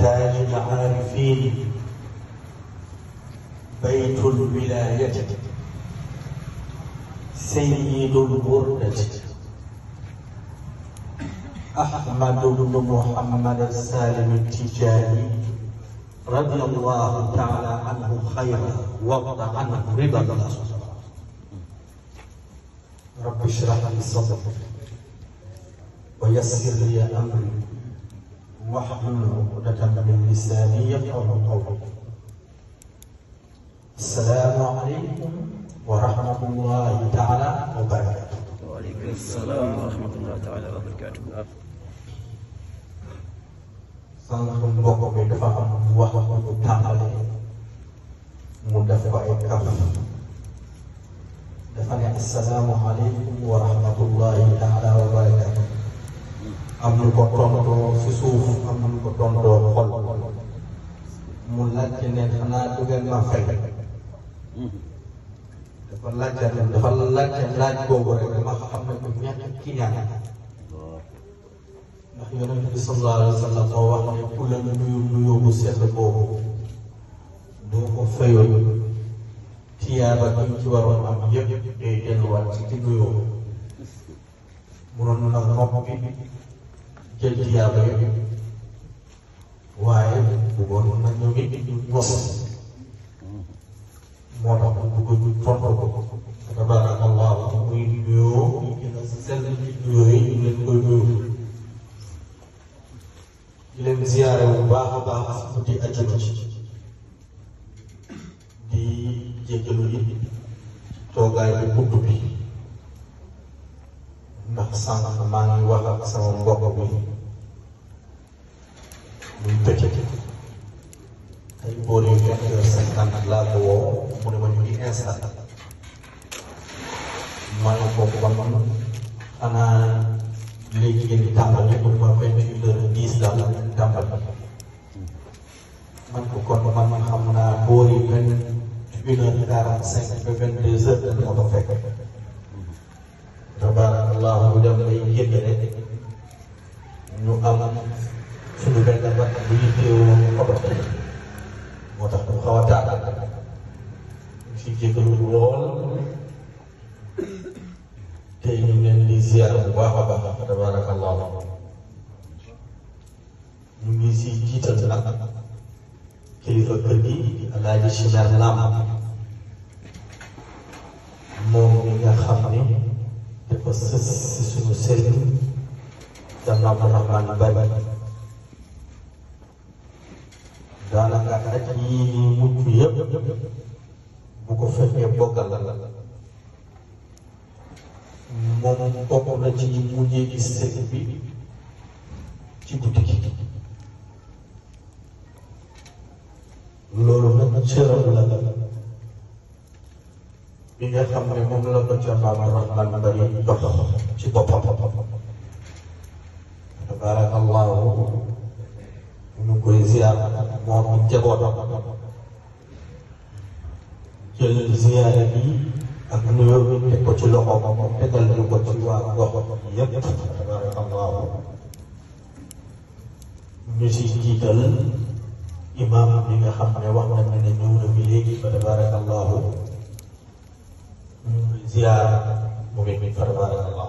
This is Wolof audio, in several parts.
تاج العارفين بيت الولاية سيد البردة أحمد بن محمد السالم التجاري رضي الله تعالى عنه خيرا وارض عنه رضا الله رب اشرح لي صدري ويسر لي أمري واحلل عقدة من لساني يفقه قولك. السلام عليكم ورحمة الله تعالى وبركاته. وعليكم السلام ورحمة الله تعالى وبركاته. سلام بكم بفهم وحكم تعالى مدفع كف دفع السلام عليكم ورحمة الله تعالى وبركاته. nañu ko tontoo si suuf am nañu ko tontoo xol mu laajte ne xanaa du ma fay dafa laajte dafa laajte laaj boobu rek dama xam ne du ñàkk ki ñaan ndax yonent bi sallallahu alayhi wa sallam moo wax ne ku la nuyu nuyoo bu sell boobu doo ko fayoo tiyaaba bi ñu ci waroon am na nopp jël tiyaaba yëpp waaye bëggoon na ñu ngi mos moo tax mu bëgg ñu tontu ko tabaraka allah muy nuyoo dina sell ci nuyoo yi ñu leen koy nuyu di leen ziyaare bu baax a baax guddi ajjuma ci di jéggalu yi toogaay bi bunt bi sànq maa ngi wax sama mbokk bi muy bëccëg ay boori vingt heures cinquante laa ko woo mu ne ma ñu ngi instant ma ko man di tàmbali mu ma vingt huit heures dix daal la ngeen man ko kon man man xam ko fekk Allahumma hudan bayyin ya. nu aman sebagai dapat video obat mau tak khawatir si jekul ulol keinginan di ziarah bahwa bahwa ini barakallah mengisi jidat kelifa kerdi alaji sinar lama dafa sës si suñu sëriñ dam na Abdourahmane Bari daanaka ak yii ñu mucc yëpp bu ko fekkee boggal la moom bokk na ci ñi mujjee gis sëriñ bi ci guddi gi loolu nag cëram la bi nga xam ne moom la ko ca Babacar Bari dox ci boppam tabarakallahu ñu koy ziar moom njabootam jël ziyaare bi ak nuyoo bi teg ko ci loxo moom tegal ñu ko ci waa gox yépp tabarakallahu ñu si jiital imaam bi nga xam ne wax ne ñëw na fi léegi fa tabarakallahu ñu ngi koy ziyaar mu ngi muy tabarakallah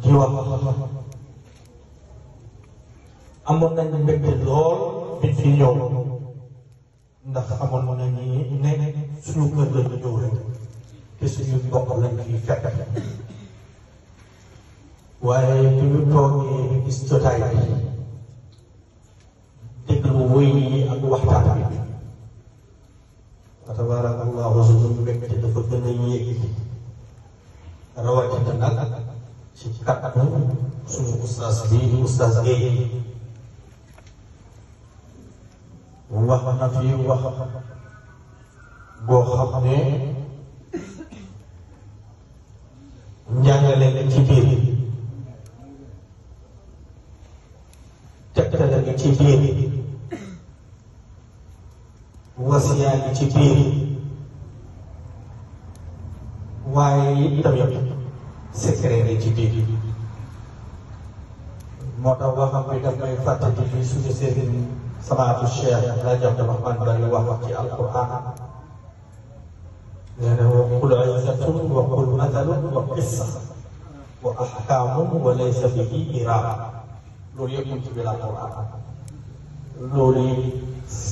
di amoon nañu mbégte lool bi fi ñëw ndax amoon nañu ne suñu kër la ñu ñëw rek te suñu mbokk lañ fi fekk waaye bi ñu toogee gis jotaay bi déglu wuy yi ak waxtaan fa tabarakallahu suñu mbégte dafa gën a yéeg rawatina nag ci kàddu suñu ustaas bi di ustaas Guèye wax na fi wax boo xam ne njàngale la ci biir tegtale la ci biir wasia di Cipiri wai itam yo secretary Cipiri moto wa xam koy def may fatati bi suñu seen samaatu cheikh la jox dama man bari wax ci alquran لأنه قل عزة وقل مثل وقصة وأحكام وليس به إرادة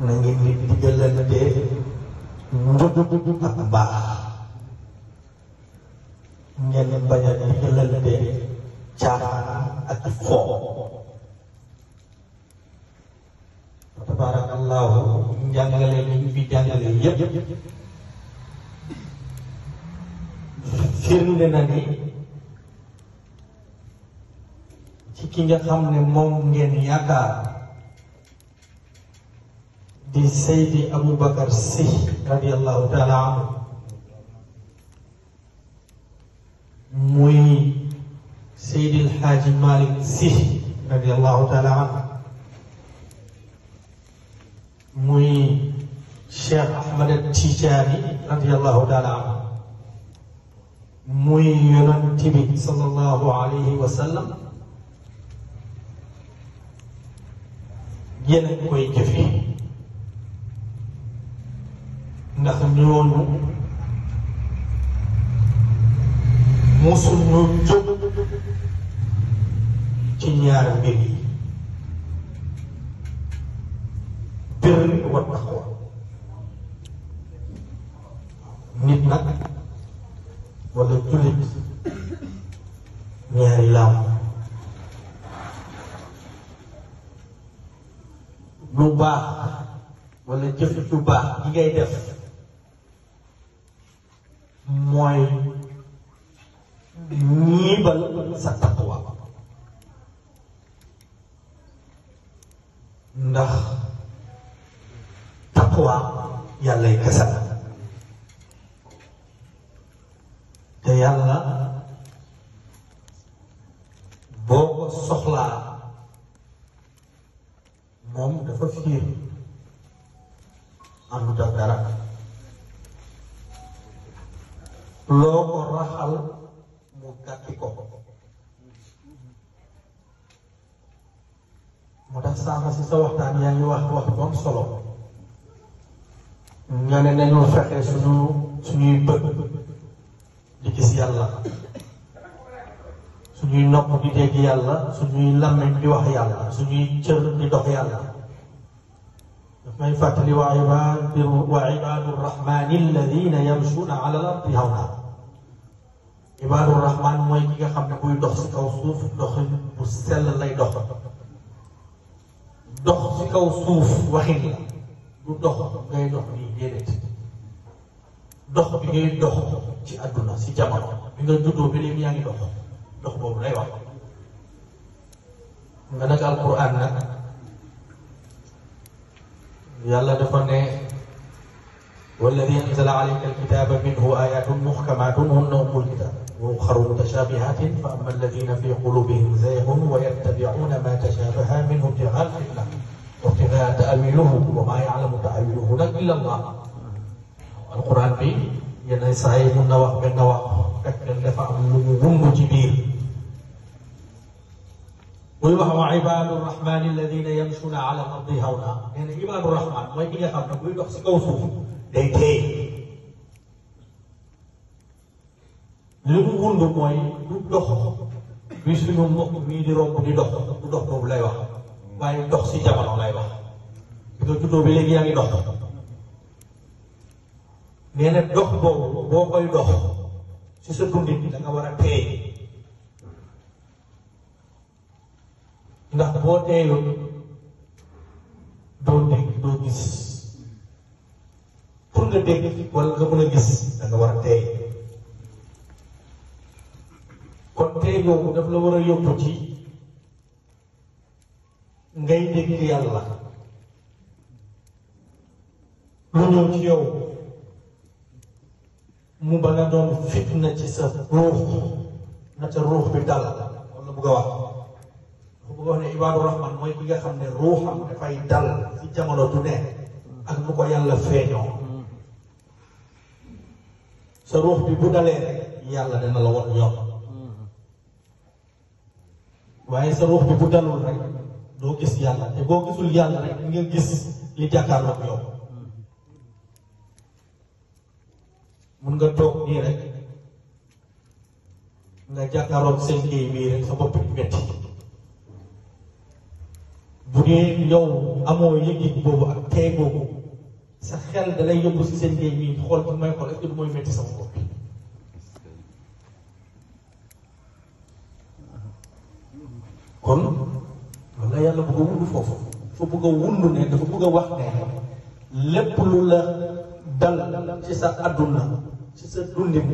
na di jalan njub ak mbaax ngeen bañ a diggalante cara ak foo tabarakallahu njàngale ñu fi jàngale yépp firnde na ni ci ki nga xam ne دي سيدي أبو بكر سي رضي الله تعالى عنه موي سيدي الحاج مالك سي رضي الله تعالى عنه موي شيخ أحمد التجاري رضي الله تعالى عنه موي يونتبي صلى الله عليه وسلم يلا كوي جفيه ndax ñooñu musul ñu jóg ci ñaari mbir yi birri wa taqwa nit nag wala jullit ñaari laam lu baax wala jëf ju baax gi ngay def mooy ñiibal sa taqwa ndax taqwa yàllay kese la sa waxtaan yaa ngi wax suñuy yàlla suñuy nopp di dégg yàlla suñuy làmmiñ di wax yàlla suñuy yàlla daf may fàttali wa ibaadu wa ibaadu ki nga xam ne buy dox si bu sell lay dox kaw suuf waxin la du dox ngay dox nii déedéet dox bi ngay dox ci àdduna si jamono bi nga juddoo ba léegi yaa ngi dox dox boobu lay wax nga nag alquran nag yàlla dafa ne والذي أنزل عليك الكتاب منه آيات محكمات هن أم الكتاب وأخر متشابهات فأما الذين في قلوبهم زيغ ويتبعون ما تشابه منه ابتغاء الفتنة هذا تأويله وما يعلم تأويله إلا الله القرآن بي ينسى من النواق من النواق تكن دفع من جبير قل وهو عباد الرحمن الذين يمشون على الأرض هونا يعني عباد الرحمن ما يكون يخاف نقول له سكوسو ديتي لنقول له موي نقول مش لهم مؤمن يديرون بني دوخ بني دوخ بني دوخ بني دوخ بني دوخ بني دوخ nga juddoo ba léegi yaa ngi dox nee na dox boobu boo koy dox ci sa dundin da war a teey ndax boo teeyul doo dégg doo gis pour nga dégg wala nga mën a gis da war a teey kon teey boobu daf la war a yóbbu ci ngay dégg yàlla mu ñëw ci yow mu ba nga doon fitna ci sa ruux bi dal wala bëgg a wax dafa a wax ne ibaadu mooy bi nga xam ne ruuxam dafay dal ci jamono du ne ak nu ko yàlla feeñoo sa ruux bi bu dalee rek yàlla dana la won yoon waaye sa ruux bi bu dalul rek doo gis yàlla te boo gisul yàlla rek nga gis li jàkkaarloog yow mun nga toog nii rek nga jàkkaaroon seen kii bii rek sa bopp metti bu dee yow amoo yëg-yëg boobu ak tey boobu sa xel dalay yóbbu si seen kii xool kon man yàlla bëgg a wund foofu dafa bëgg a ne dafa bëgg wax ne lépp lu la dal ci sa àdduna ci sa dundin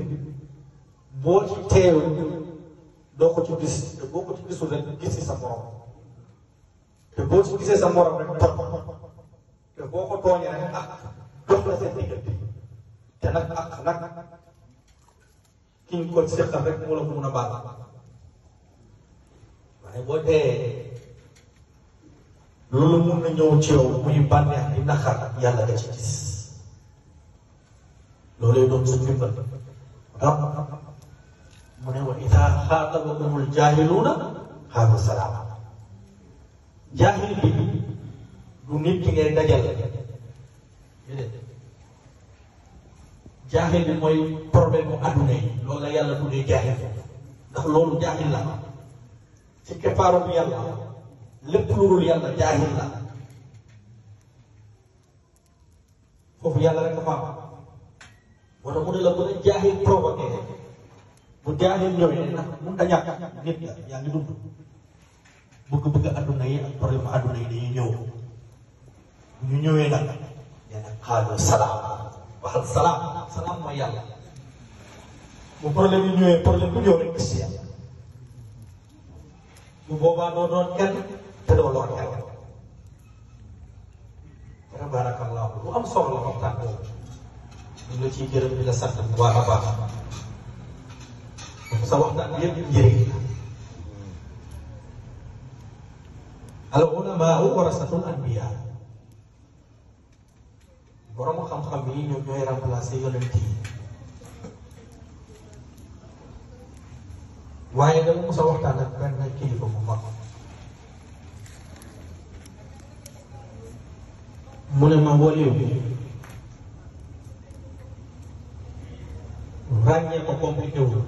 boo ci teew doo ko ci te boo ko ci gisul rek gisi sa morom te boo ci gisee sa morom rek te boo ko tooñee rek ak dox la seen diggante te nag ki ko rek moo la ko mun a baal waaye boo dee loolu mun na ñëw ci yow muy bànneex di naqar yàlla da loolay doon sa jubbal rab mu ne wa idaa xaatabahumul jaahiluuna xaalu salaama jaahil bi du nit ki ngay dajal jaaxil bi mooy problème mu adduna yi loolu la yàlla tuddee jaaxil ndax loolu jaaxil la ci keppaaram yàlla lépp lu dul yàlla jaaxil la foofu yàlla rek a moo tax mu ne bu la jaaxil provoqué bu jaaxil mun ta ñàkk nit la yaa ngi dund bëgg-bëgg adduna yi ak problème adduna yi dañuy ñëw ñu ñëwee nag nee na xaalu salaam waxal salaam salaam mooy yàlla bu problème yi ñëwee problème bu ñëw rek gis yàlla bu boobaa doo ñu ngi ciy gërëm di la sant bu baax a baax sa waxtaan yëpp njëriñ la al ulamaau warasatul anbiya borom xam-xam yi ñoom ñooy remplacé yonent yi waaye dama mos a waxtaan ak benn kilifa bu mag mu ne ma wóor yow ràññee ko compliqué wul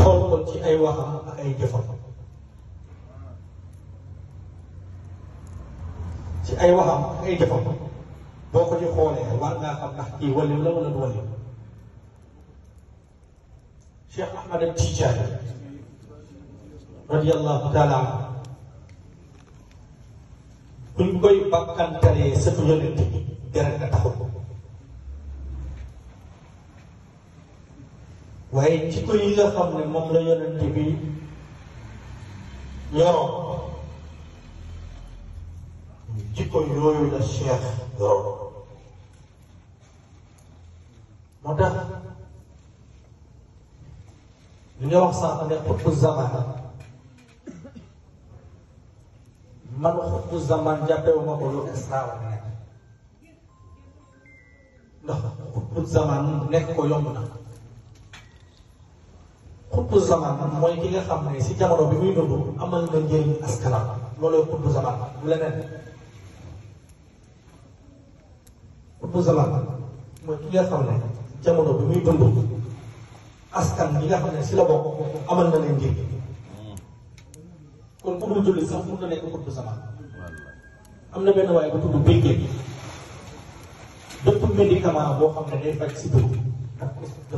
xool ko ci ay waxam ak ay jëfam ci ay waxam ak ay jëfam boo ko ci xoolee war ngaa xam ndax kii waliw la wala du waliw Cheikh Ahmad al Tijaani radiyallahu taala anhu buñ koy bakkantalee sëtu yonent bi deret nga taxul waaye jikko yi nga xam ne moom la yonent bi yoroon jikko yooyu la Cheikh yoroon moo tax li nga wax sànq ne xutbu zaman man xutbu zaman jàppewuma ko lu extraordinaire ndax xutbu zaman nekk ko yomb na xutbu zaman mooy ki nga xam ne si jamono bi muy dund amal nga njëriñ askanam looloo xutbu zaman du leneen mooy ki nga xam ne jamono bi muy dund askan nga njëriñ kon ku dul julli sax mun na nekk xutbu zaman am na benn waaye bu tudd béykat bépp médicament boo xam ne day faj si dund daf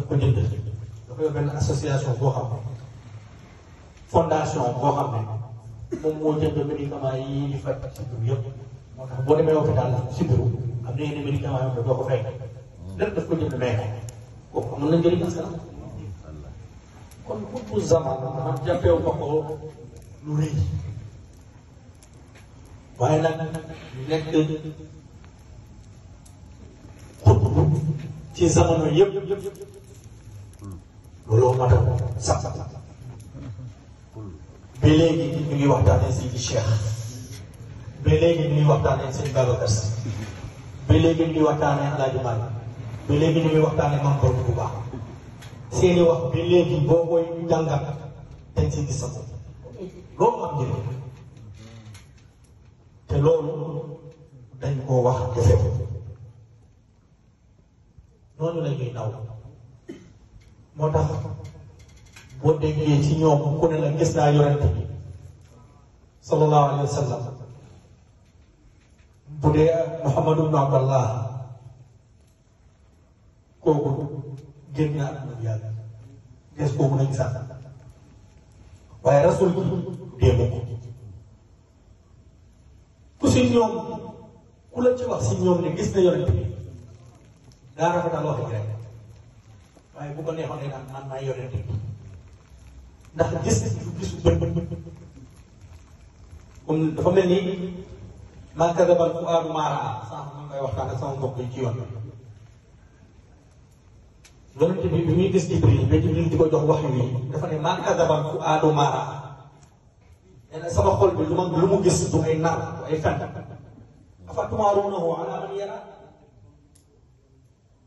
ko jënd. dafa yor benn association boo xam ne fondation boo ne moom moo jënd médicament yi di faj ci biir yëpp moo tax boo demee si biir am na yenn médicament yoo xam ne ko fay lépp daf ko jënd may ko kooku mën na njëriñ askan kon xutbu zaman man jàppeew ma ko lu rëy waaye nag nekk xutbu ci jamono yëpp looloo mat a sax ba léegi ñu ngi waxtaanee Seydi Cheikh ba léegi ñu ngi waxtaanee Seydi Babacar Sy ba léegi ñu ngi waxtaanee El Hadj Malick ba léegi ñu ngi waxtaanee Mame bu baax seeni wax ba léegi boo koy jàngat dañ si gis sa loolu am njëriñ te loolu dañ koo wax defe ko noonu la ñuy naw moo tax boo déggee ci ñoom ku ne la gis naa yonent bi sallallahu alayhi wa sallam bu dee Muhammadu ibnu Abdallah kooku génn na ak na kooku nañ waaye rasul bi démb ku si ñoom ku la ci wax ñoom ne gis na yonent bi daanaka daal wax rek waaye bu ko neexoon rek man maa yore lépp ndax gis nañu gis bët bët ni maa kadabal fuaadu maa raa sànq ma koy waxtaan ak sama mbokk yi ci yoon yonent bi bi muy gis Jibril ba Jibril di ko wax yu maa kadabal fuaadu maa raa nee na sama xol bi lu ma lu mu gis ay nar du ay fen afa tumaaruunahu alaa an yaraa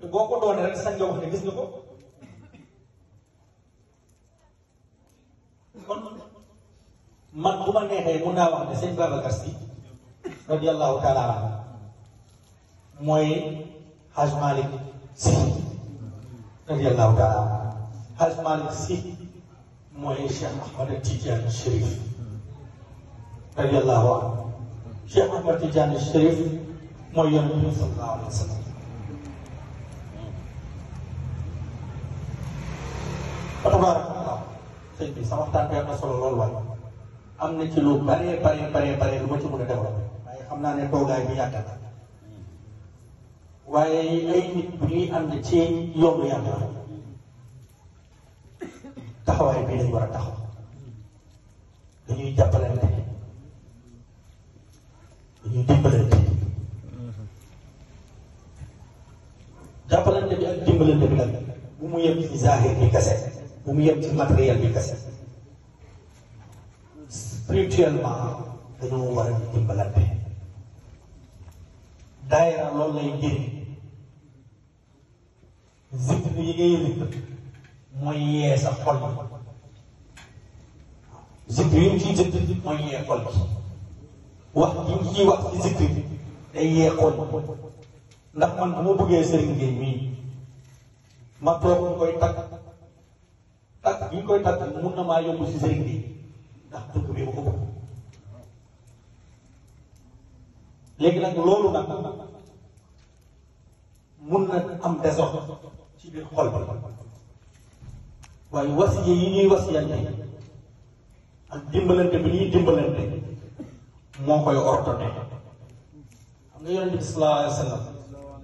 te boo ko doonee rek ne gis nga ma neexee mun ne sëñ Babacar Si radiyallahu taala anhu mooy Haj Malick Si radiyallahu taala anhu Haj Malick Si mooy Cheikh Ahmad Tidiane Chérif radiyallahu anhu Cheikh Ahmad Tidiane Chérif mooy yonent bi sallallahu alayhi wa sa waxtaan bi am na solo lool waaye am na ci lu bare bare bare bare lu ma ci mën a développé waaye xam naa ne toogaay bi yàgg na waaye ay nit bu ñuy ànd ci yoonu yàlla lañ war a taxaw dañuy jàppalante dañuy dimbalante jàppalante bi ak dimbalante mu yem ci zahir bi kese bu mu yem ci matériel bi kese mutuellement dañoo war a dimbalante daayira loolu lay jëriñ zikr yi ngay yëg mooy yee xol bi zikr yi mu ciy yee xol bi wax ji mu day yee xol ndax man bu ma bëggee sëriñ Gueye mii ma toog ñu koy takk takk bi koy takk mun na maa yóbbu si sëriñ ndax dëkk bi ko bëgg léegi nag loolu nag am désordre ci biir xol bi waaye wasiya yi ñuy wasiyante ak dimbalante bi ñuy dimbalante moo koy ordonné xam nga sallallahu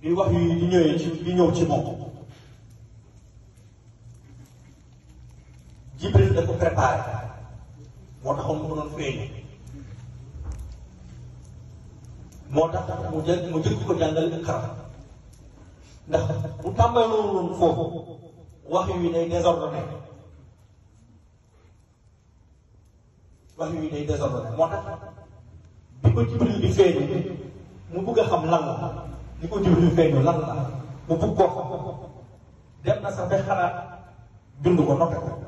bi wax di ñëwee ci di ñëw ci préparé moo taxoon moo tax mu jël mu jëkk ko jàngal xaram ndax bu tàmbaloo woon foofu wax yu day désordonné wax yu day désordonné moo tax bi ko jibril di feeñu mu bëgg a xam lan la li ko jibril feeñu lan la mu bëgg koo xam dem na sax ba dund ko noppee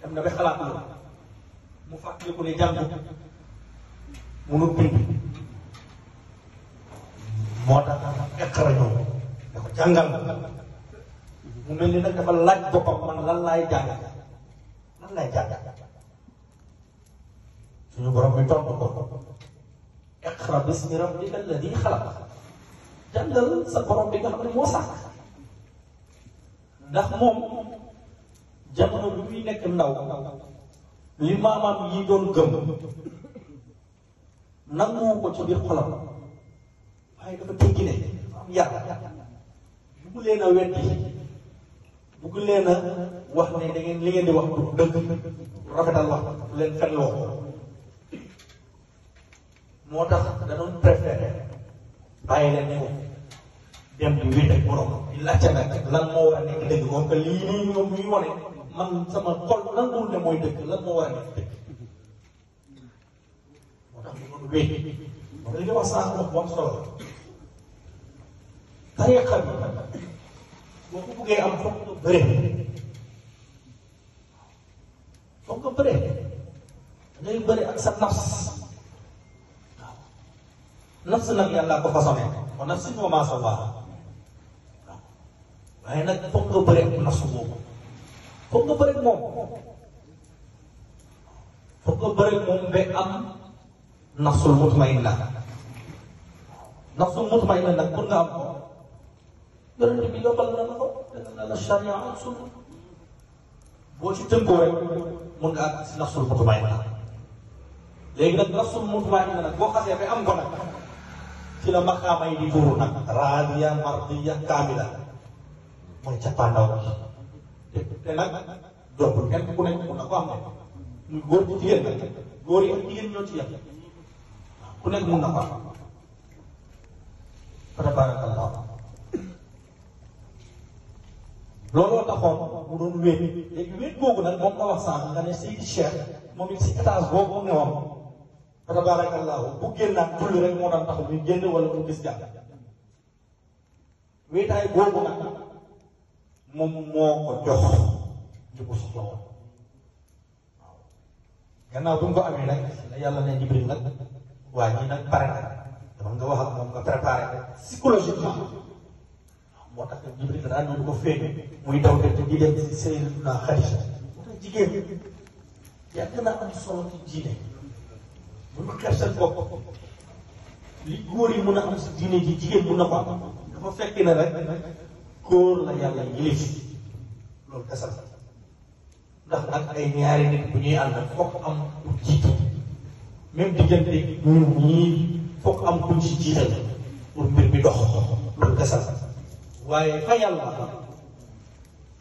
dem na ba xalaat loolu mu fàttaliku ne jàng munut bind moo tax iqra ñëw da ko mu mel ni nag dafa laaj boppam man lan laay jàng lan laay jàng suñu bi tontu ko iqra bismi rabbika alladi xalaq jàngal sa borom bi nga xam ne moo sàkk ndax moom jamono bi muy nekk ndaw li maamaam yi doon gëm nanguwu ko ci biir xolam waaye dafa teggi ne dafa am yar bugg leen a weddi bugg wax ne dangeen ngeen li ngeen di wax du dëgg rafetal wax du leen fenloo moo tax danoon préféré bàyyi leen ñëw dem di wéet ak borom di nag lan moo war a nekk dëgg moom que lii nii ñoom ñuy wane man sama xol nanguwul ne mooy dëkk lan moo war a nekk dëkk moo tax ñu mën wéy li nga wax sànq wax bu am solo la tariqa bi boo ko buggee am foog nga bëree foog nga bëree ngay bëri ak sa nafs waaw nafs nag yàlla ko façonné kon nafs bi moo maa sa waaw waaye nag foog nga bëree ak nafs boobu Huwag ka pa rin mo. beam nasulmut main na. Nasulmut main na, nagpun nga ako. Ganun, binabal na ako. Ganun syariah ang sulmut. si Tumbuwe, mong gaagis nasulmut main na. Dahil nagnasulmut main na, nagwa kasi beam ko na. Sila makamay di puro Radia, mardia kamila. Mga Japanaw. te nag jombul kenn ku nekk mun na ko am muy góor ci jigéen nag góor yi ak jigéen ñoo ci yem ku nekk mun na ko am fa tabarakallah looloo taxoon mu doon wéet léegi wéet googu nag moom la wax sànq nga ne Seydi Cheikh moom it si rek moo daan tax muy génn wala mu gis jàpp moom moo ko jox ñu ko soxla woon waaw gannaaw bu mu ko amee waa ji nag pare na nga wax ak moom nga préparé psychologiquement moo tax nag Jibril daan nañu ko feeñ muy daw dem di si Sayyidina Xadija moo tax jigéen yàgg na am solo ci diine bu li góor mun a am si diine ji jigéen mun na ko am dafa fekk ne rek góor la yàlla yilif loolu desal ndax nag ay ñaari nit bu ñuy ànd fokk am ku jiitu même diggante ñun ñii fokk am ku ci jiital pour mbir bi dox loolu desal waaye fa yàlla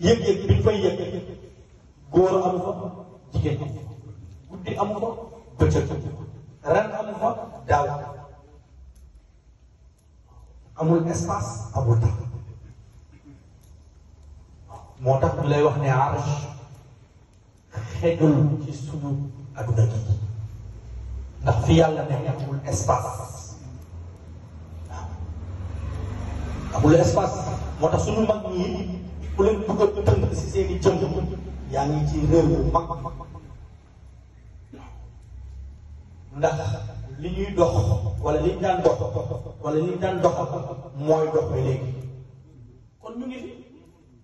yëg-yëg bi fay yëg góor am fa jigéen am fa guddi fa bëccëg ren am fa daaw amul espace amul temps moo tax mu lay wax ne arsh xejul ci suñu adduna gi ndax fi yàlla ne amul espace waaw amul espace moo tax suñu mag ñi ku leen bëgg a tënk si seen i jëm yaa ngi ci réew yu mag ndax li ñuy dox wala li ñu dox wala li ñu daan dox mooy dox bi kon ñu ngi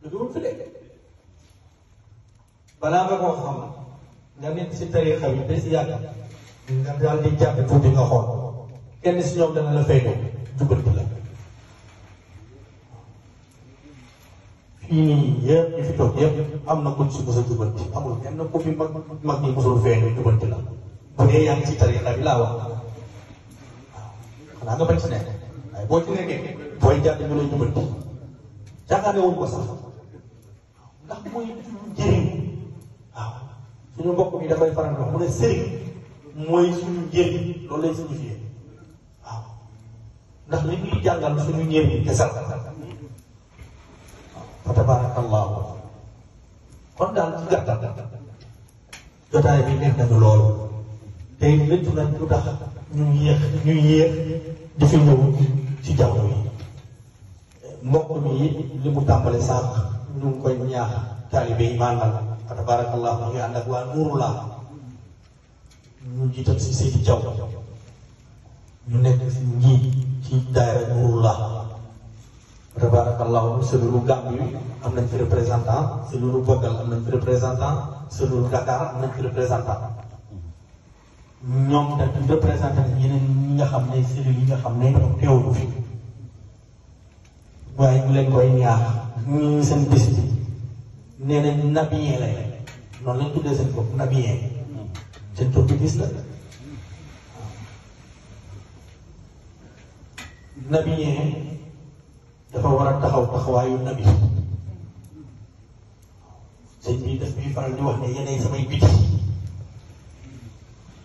duduwul fi de balaa nga koo xam nga nit si tarixa bi ba si yàgg nga daal di jàpp tuuti nga xool kenn si ñoom dana la fayko jubanti la fii nii yëpp ñi fi toog yëpp am na kuñ si mos a jubanti amul kenn ku fi mag mag ñi mosul feeñu jubanti la bu dee yaa ngi ci tarixa bi laa wax nga bañ si nekk waaye boo ci nekkee booy jàpp ñu lay jubanti jàkkaarloo woon ko sax ndax mooy njëriñ waaw suñu mbokk mi dafay faral wax mu ne sëriñ mooy suñu njëriñ loolu lay signifié waaw ndax li ñuy jàngal suñu njëriñ te sax waaw fa tabarakallahu kon daal ci gàttal jotaay bi nekk nañu loolu tey léttu nañ lu tax ñu yéex ñu yéex di fi ñëw ci jaww yi mbokk mi li mu tàmbale sànq nung koy nya tali be iman anda wa nurula ñu jital ci seydi jaw ñu nek ci ñi seluruh kami, am nañ seluruh bogal am nañ seluruh dakar am nañ fi dan ñom da ini ñeneen ñi nga xamne cellule yi nga xamne teewul fi ñii seen bis bi nee nañ nabiyee lay noonu lañ tuddee seen bopp nabiyee seen tur bi la waaw nabiyee dafa war a taxaw taxawaayu nabi sëñ bi daf ñuy faral di wax ne yeneen samay biti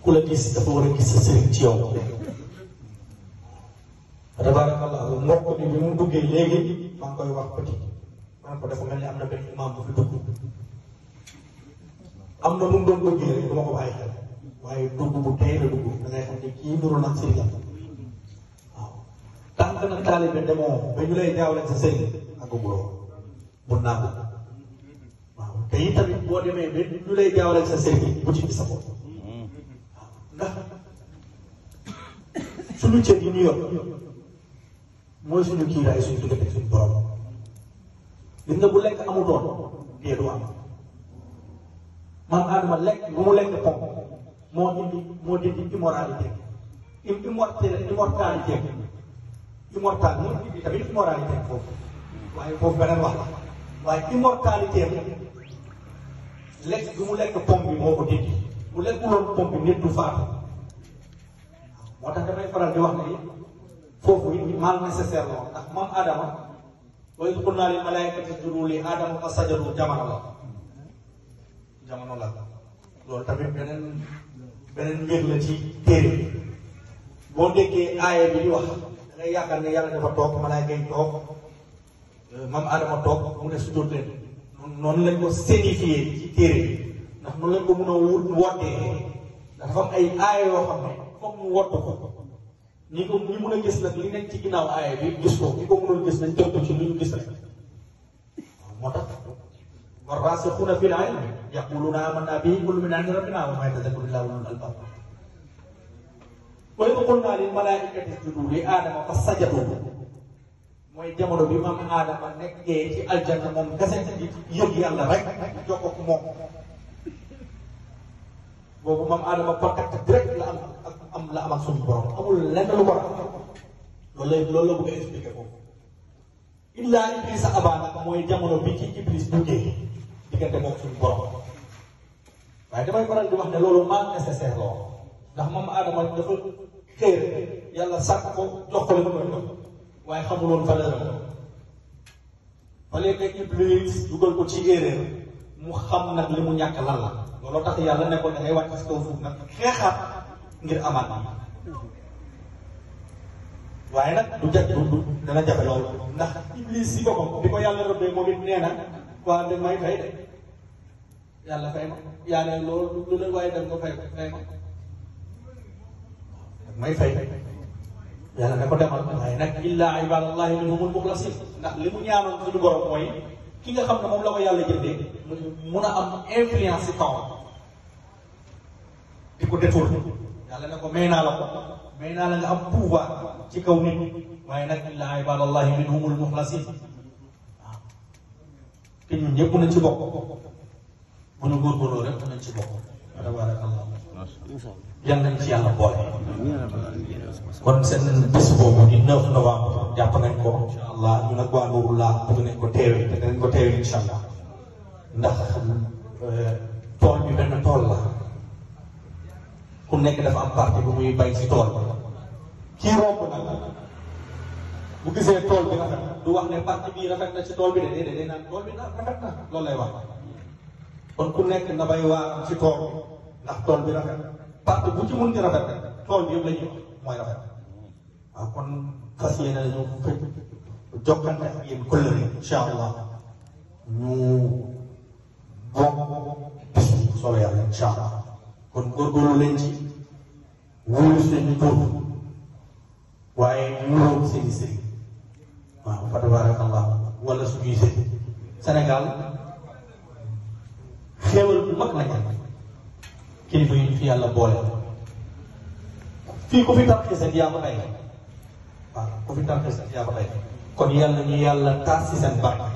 ku la gis dafa war a gis sa sëriñ ci yow tabaarakallah mbokk bi bi mu duggee léegi maa ngi koy wax petit ko dafa mel ni am na benn imaam bu fi am na lu mu doon bëgg rek dama ko bàyyi xel waaye dugg bu tey la dugg da ngay xam ne kii nuru nag sëriñ la waaw tànk nag taalibe demoo ba ñu lay jaawle sa sëriñ ak guloo mun naa ko waaw tamit boo demee ba ñu lay jaawle sa sëriñ bu ci bi sa bopp waaw ndax suñu cër yi ñu yor mooy suñu kiiraay suñu diggante suñu borom gis bu lekk amutoon dee du am man Adama lekk bu mu lekk pomp moo dindi moo dindi immoralité immortalité immortalité immortal moo dindi tamit lekk bu mu lekk pomp bi moo ko dindi bu lekkuloon pomp bi nit du faatu moo tax damay faral di wax ne foofu yi mal nécessaire la ndax moom Adama wa iz qulnaa lil malaa'ikati isjudu li aadama fasajadu jamono la jamono la loolu tamit beneen beneen mbir la ci téere bi boo déggee aaya bi di wax da ngay yaakaar ne yàlla dafa toog malaayka toog euh, maam Adama toog mu ne sujjóot noonu lañ ko signifié ci téere ndax noonu lañ ko mën a wut wootee dafa am ay aaya yoo xam ne foog mu wottu ko ñi ko ñi mën a gis nag nekk ci ginnaaw aaya bi gis ko ko mënul gis nañ topp ci li ñu gis rek moo tax warraasixuuna fil ilmi yaquluuna aamanna bihi kullun min indi rabbinaa wa maa yatazakkaru illaa ulul albaab wa idh qulnaa lil malaa'ikati isjuduu li aadama fa sajaduu mooy jamono bi maam aadama nekkee ci aljanna moom kese di yëg yàlla rek jokkoo ak moom boobu maam Adama contact direct la am ak am la am ak suñu borom amul lenn lu ko am loolu lay loolu la bëgg a expliqué foofu. illaa Iblisa mooy jamono bi ci Iblis duggee diggante moom suñu borom waaye damay faral di wax ne loolu maa nécessaire lool ndax maam Adama dafa xëy yàlla sàkk ko jox ko li mu doon waaye xamul woon a la ba léegi Iblis dugal ko ci erreur mu xam nag li mu ñàkk lan la. looloo tax yàlla ne ko da ngay wàcc si kaw suuf nag xeexaat ngir amaat bi waaye nag du jag du dana jafe ndax iblis si boppam bi ko yàlla rëbbee moom it nee na waa de may fay de yàlla fay ma yaa ne loolu lu leen waaye dem nga fay ko fay ma may yàlla ne ko demal waaye nag illa ibadallahi minhumul muxlasin ndax li mu ñaanoon suñu borom mooy ki nga xam ne moom la ko yàlla jëndee mun a am influence si di ko détourné yàlla ne ko may naa la ko may la nga am pouvoir ci kaw nit waaye nag illaa ibadallahi minhumul muxlasin waaw te ñun ñëpp nañ ci bokk bu ñu góorgóorloo rek nañ ci bokk tabarakallah yal nañ ci yàlla boole kon seen bés boobu di 9 novembre jàpp nañ ko incha allah ñu nag waa Nourou laa bëgg nañ ko teewee te danañ ko teewee incha allah ndax eh, tool bi benn tool la ku nekk dafa am parti bu muy bay si tool kii romb bu tool bi rafet ne parti bii rafet na ci tool bi de naan tool bi na rafet na lay wax kon ku nekk na bay waa ci tool ndax tool bi rafet parti bu ci mën di rafet rek tool yëpp la mooy rafet waaw kon fas yéene ñu fekk jokkante ak yéen kóllëre incha allah ñu bokk bis bu yàlla incha allah kon góorgóorlu leen ci wóolu seen tur waaye ñuróom seen i sëriñ waaw fa tabaraka allah wala suñuy sëriñ Sénégal xéewal bu mag la ñu kilifa yi fi yàlla boole fii ku fi tarxiis ak yaa ko tey waaw ku fi tarxiis ak yaa ko tey kon yàlla ñu yàlla taas si seen barke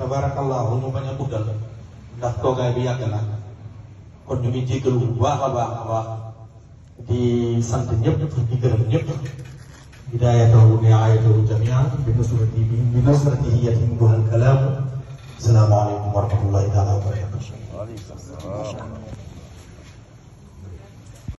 tabarakallahu ñu bañ a guddal ndax toogaay bi yàgg na kon ñu ngi jéggalu bu baax a baax a baax di sant ñëpp di gërëm ñëpp hidayatahu wa niayatahu jamian bi nusrati bi bi nusratihi yatimmu al kalam assalamu alaykum wa rahmatullahi taala wa barakatuh